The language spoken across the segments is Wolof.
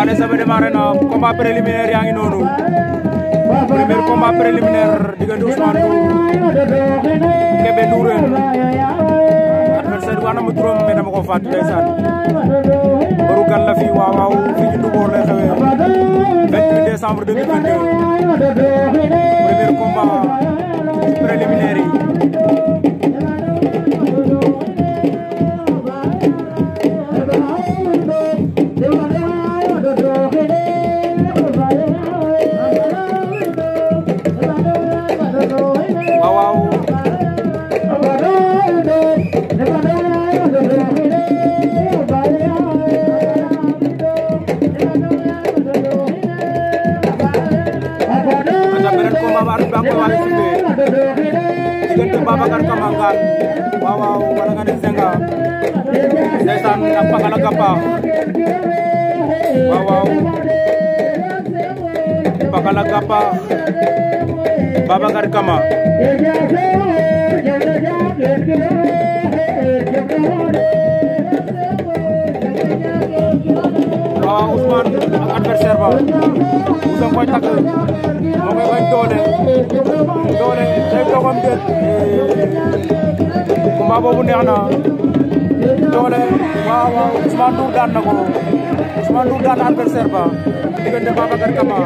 Waane Sebe démarré na ah, combat yaa ngi noonu premier combat préliminaire diggante Ousmane Ndour Kébé Ndourène adversaire wax na ma turam mais dama ko fàtte ndeysaan baru gan la fii waaw waaw fii ñu Ndoumbor lay xewee 28 décembre 2022 premier ndeysaan a paxal a gappa waaw waaw paxal a gappa Babacar Kama waaw Ousmane ak adversaire ba Ousmane koy takk moo koy bañ doole doole day doxam déet combat boobu neex na doole waaw waaw Ousmane Ndour daan na ko Ousmane Ndour daan adversaire ba diggante Babacar Kama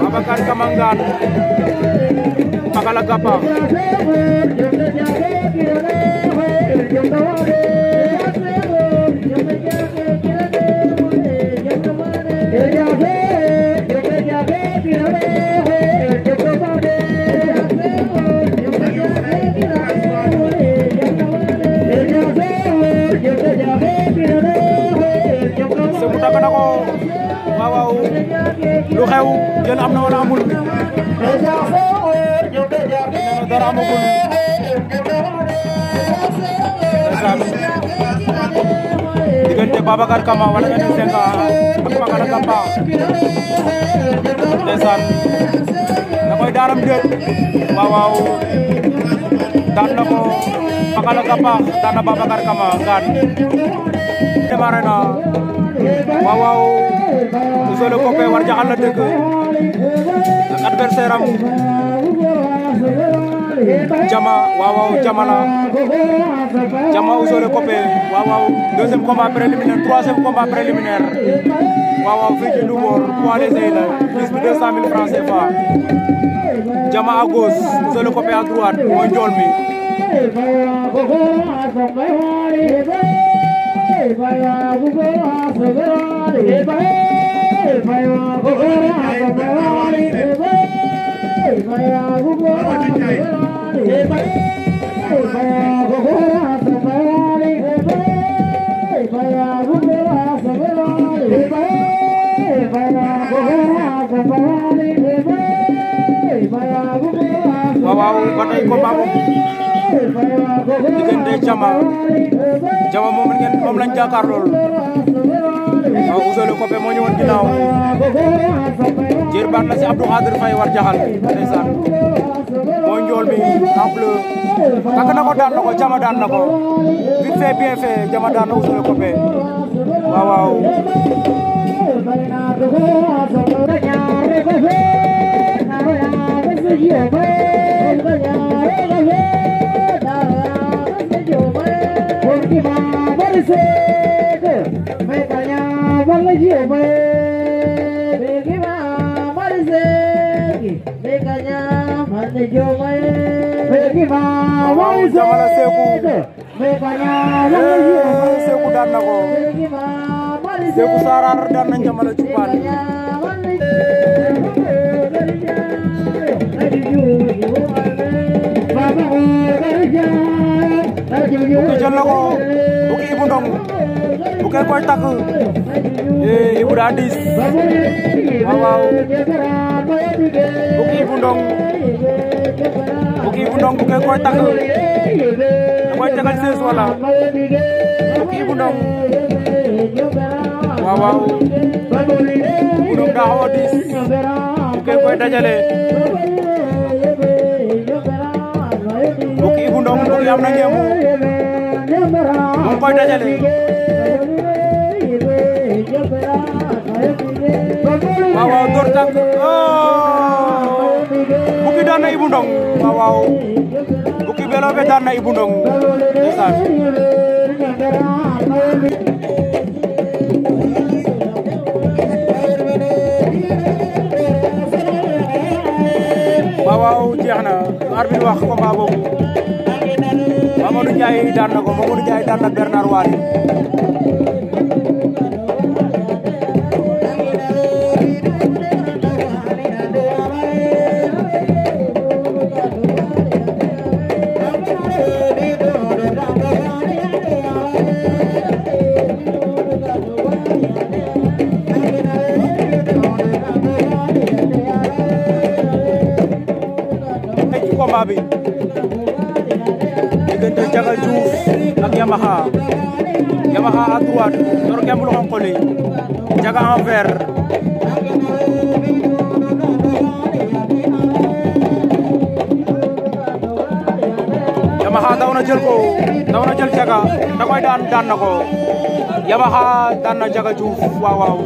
Babacar Kama ngaan Pakala Gappa waaw lu xew jël am na wala amul dara amagul diggante Babacar Kama wala Ede Senga ak Pakala Kapa ndeysaan da koy daaram déet waaw waaw na ko Pakala Kapa daan na Babacar Kama gaan démarré na waaw waaw Ousseu le copain war jaxal la dëkk ak adversaire am Jama waaw waaw Jama la Jama Ousseu le copain waaw waaw deuxième combat préliminaire troisième combat préliminaire waaw waaw fii ci Louga poids léger la plus de 200 000 Jama à gauche Ousseu le copain à mi. Wow, wow, wow, wow, wow, wow, wow, diggante Jama Jama moom ngeen moom lañ jàkkaar lool waaw Ousseynou Kopé moo ñëwoon ginnaaw jër na si Abdou Khadir Faye war jaxal ndeysaan moo njool mi en bleu takk na ko daan na Jama daan na ko vite fait bien Jama daan na Ousseynou Kopé waaw última Marisette me cañaba la lluvia me quema Marisette me cañaba la lluvia me quema Marisette me cañaba la lluvia Seku daan na ko Seku Sarar daan na Jamala Cupan Bouki jël na ko Bouki Ibou Ndong Bouki koy takk eh Ibou daa diis waaw waaw Bouki Ibou Ndong Bouki Ibou Ndong Bouki koy takk da koy tegal sees wala Bouki Ibou Ndong waaw waaw Ibou Ndong daa xaw a diis Bouki koy dajale Ndong Ndong am na ngeen mu ngi koy dajale waaw waaw door tànk bukki daan na Ibou Ndong waaw waaw bukki belo be daan na Ibou Ndong ndeysaan waaw waaw jeex na arbitre wax combat boobu Mamadou Ndiaye daan na ko Mamadou Ndiaye daan na Bernard Waly Ndiaga Enfer Yamaha daw na jël ko daw na jël Ndiaga da koy daan daan na ko Yamaha daan na Ndiaga Diouf waaw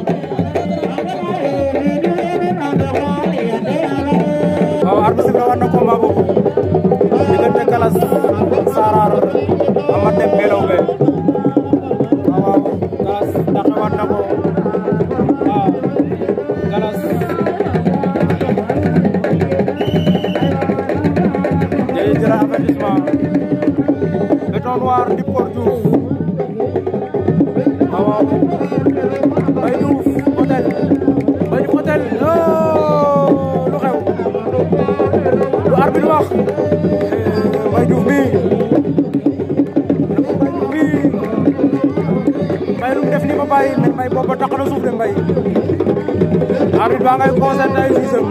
arbitre baa a concerté ay visam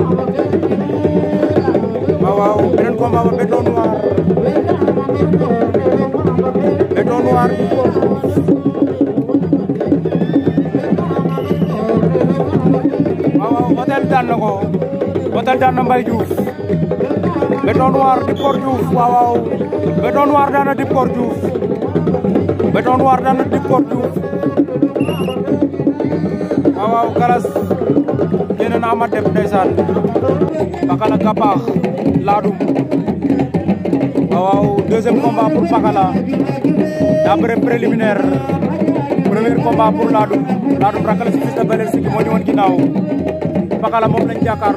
waaw waaw beneen combat ba béton noir béton noir waaw waaw hôtel daan na ko hôtel daan na Mbaye Diouf béton noir Dip Kor Diouf waaw waaw béton noir daan na Dip Kor Diouf béton noir daan na Dip Kor waaw waaw garas génn na ama dem ndeysaan Pakala Gabax Ladoum waaw waaw deuxième combat pour Pakala d'après préliminaire premier combat pour Ladoum Ladoum rakala si fils de Balla Sigi moo ñu woon ginnaaw Pakala moom lañ jàkkaar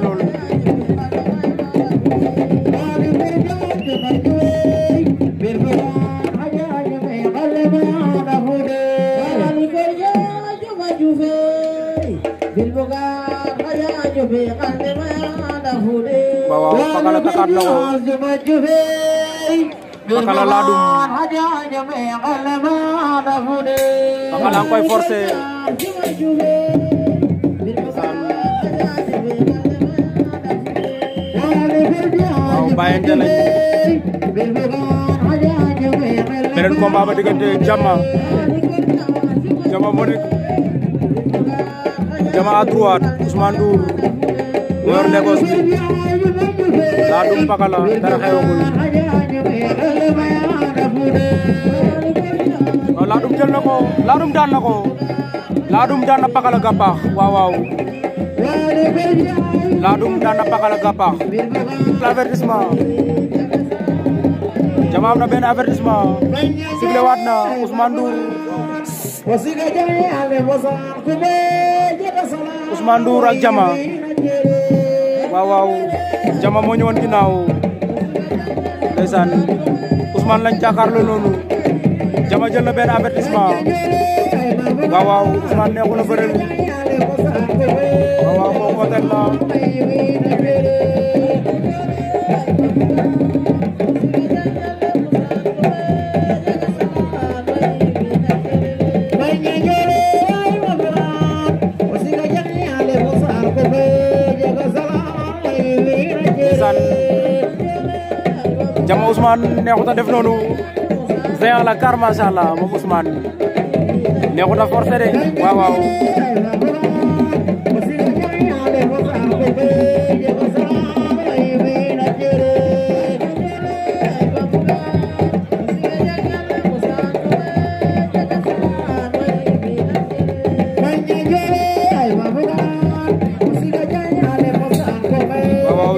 bawa pakala takat lawo pakala ladum pakala koy forcé waaw bàyyante lañ beneen combat ba diggante Jama Jama moo nekk Diama à droite Ousmane Ndour moo yor Lagos bi Ladoum Pakala dara xewagul waaw Ladoum jël na ko Ladoum daan na ko Ladoum daan na Pakala Gappaax waaw waaw Ladoum daan na Pakala Gappaax avertissement Diama am na benn avertissement sifflé na Ousmane Ndour Ousmane Ndour ak Jama waaw Jama moo ñëwoon ginnaaw ndeysaan Ousmane lañ jàkkaarloo noonu Jama jël na benn avertissement waaw waaw Ousmane neexu na bëreel waaw waaw moom ndeysaan Jama Ousmane neexut a def noonu Géant la car macha allah moom Ousmane neexut a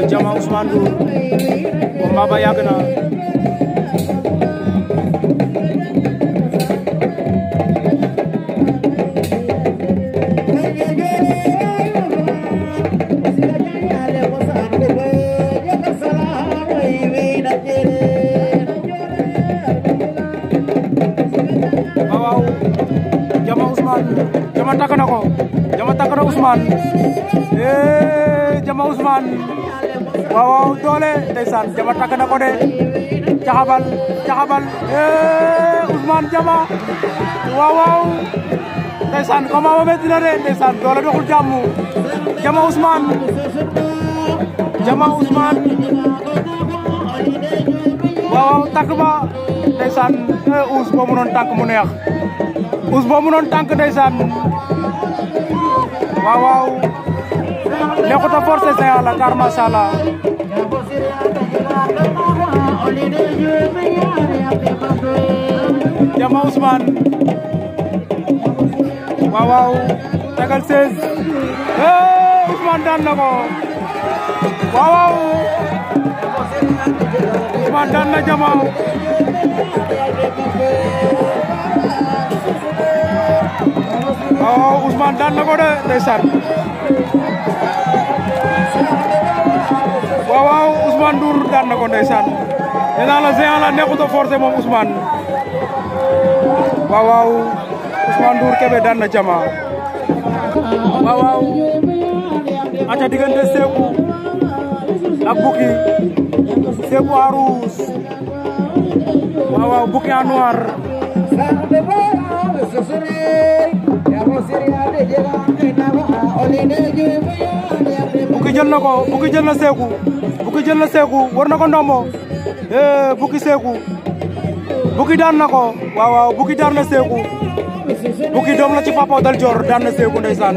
ak Diama Ousmane Ndour combat ba yàgg na Jama takk na ko Jama takk na Ousmane eh Jama Ousmane waaw waaw doole ndeysaan Jama takk na ko de caxabal caxabal eh Ousmane Jama waaw waaw ndeysaan comment na de ndeysaan doole doxul jàmm Jama Ousmane Jama Ousmane waaw takk ba ndeysaan eh Ous boo mënoon tànk mu neex Ous boo mënoon tànk ndeysaan waaw waaw neexut a forcé sa yàlla car macha Jama Ousmane waaw waaw tagal 16 hey Ousmane daan na ko waaw waaw Ousmane daan na Jama waaw waaw Ousmane daan na ko de ndeysaan waaw waaw Ousmane Ndour daan na ko ndeysaan nee naa la Géant la nekkut a forcé moom Ousmane waaw waaw Ousmane na Jama waaw waaw aca diggante Sékou ak Bouki Sékou en waaw waaw Bouki en noir Bouki jël na ko jël na jël na war ndombo ee eh, Bouki Seeku bukki daan na ko waaw waaw Bouki daan na Seeku Bouki doom la ci Papa Dal Dior daan na Seeku ndeysaan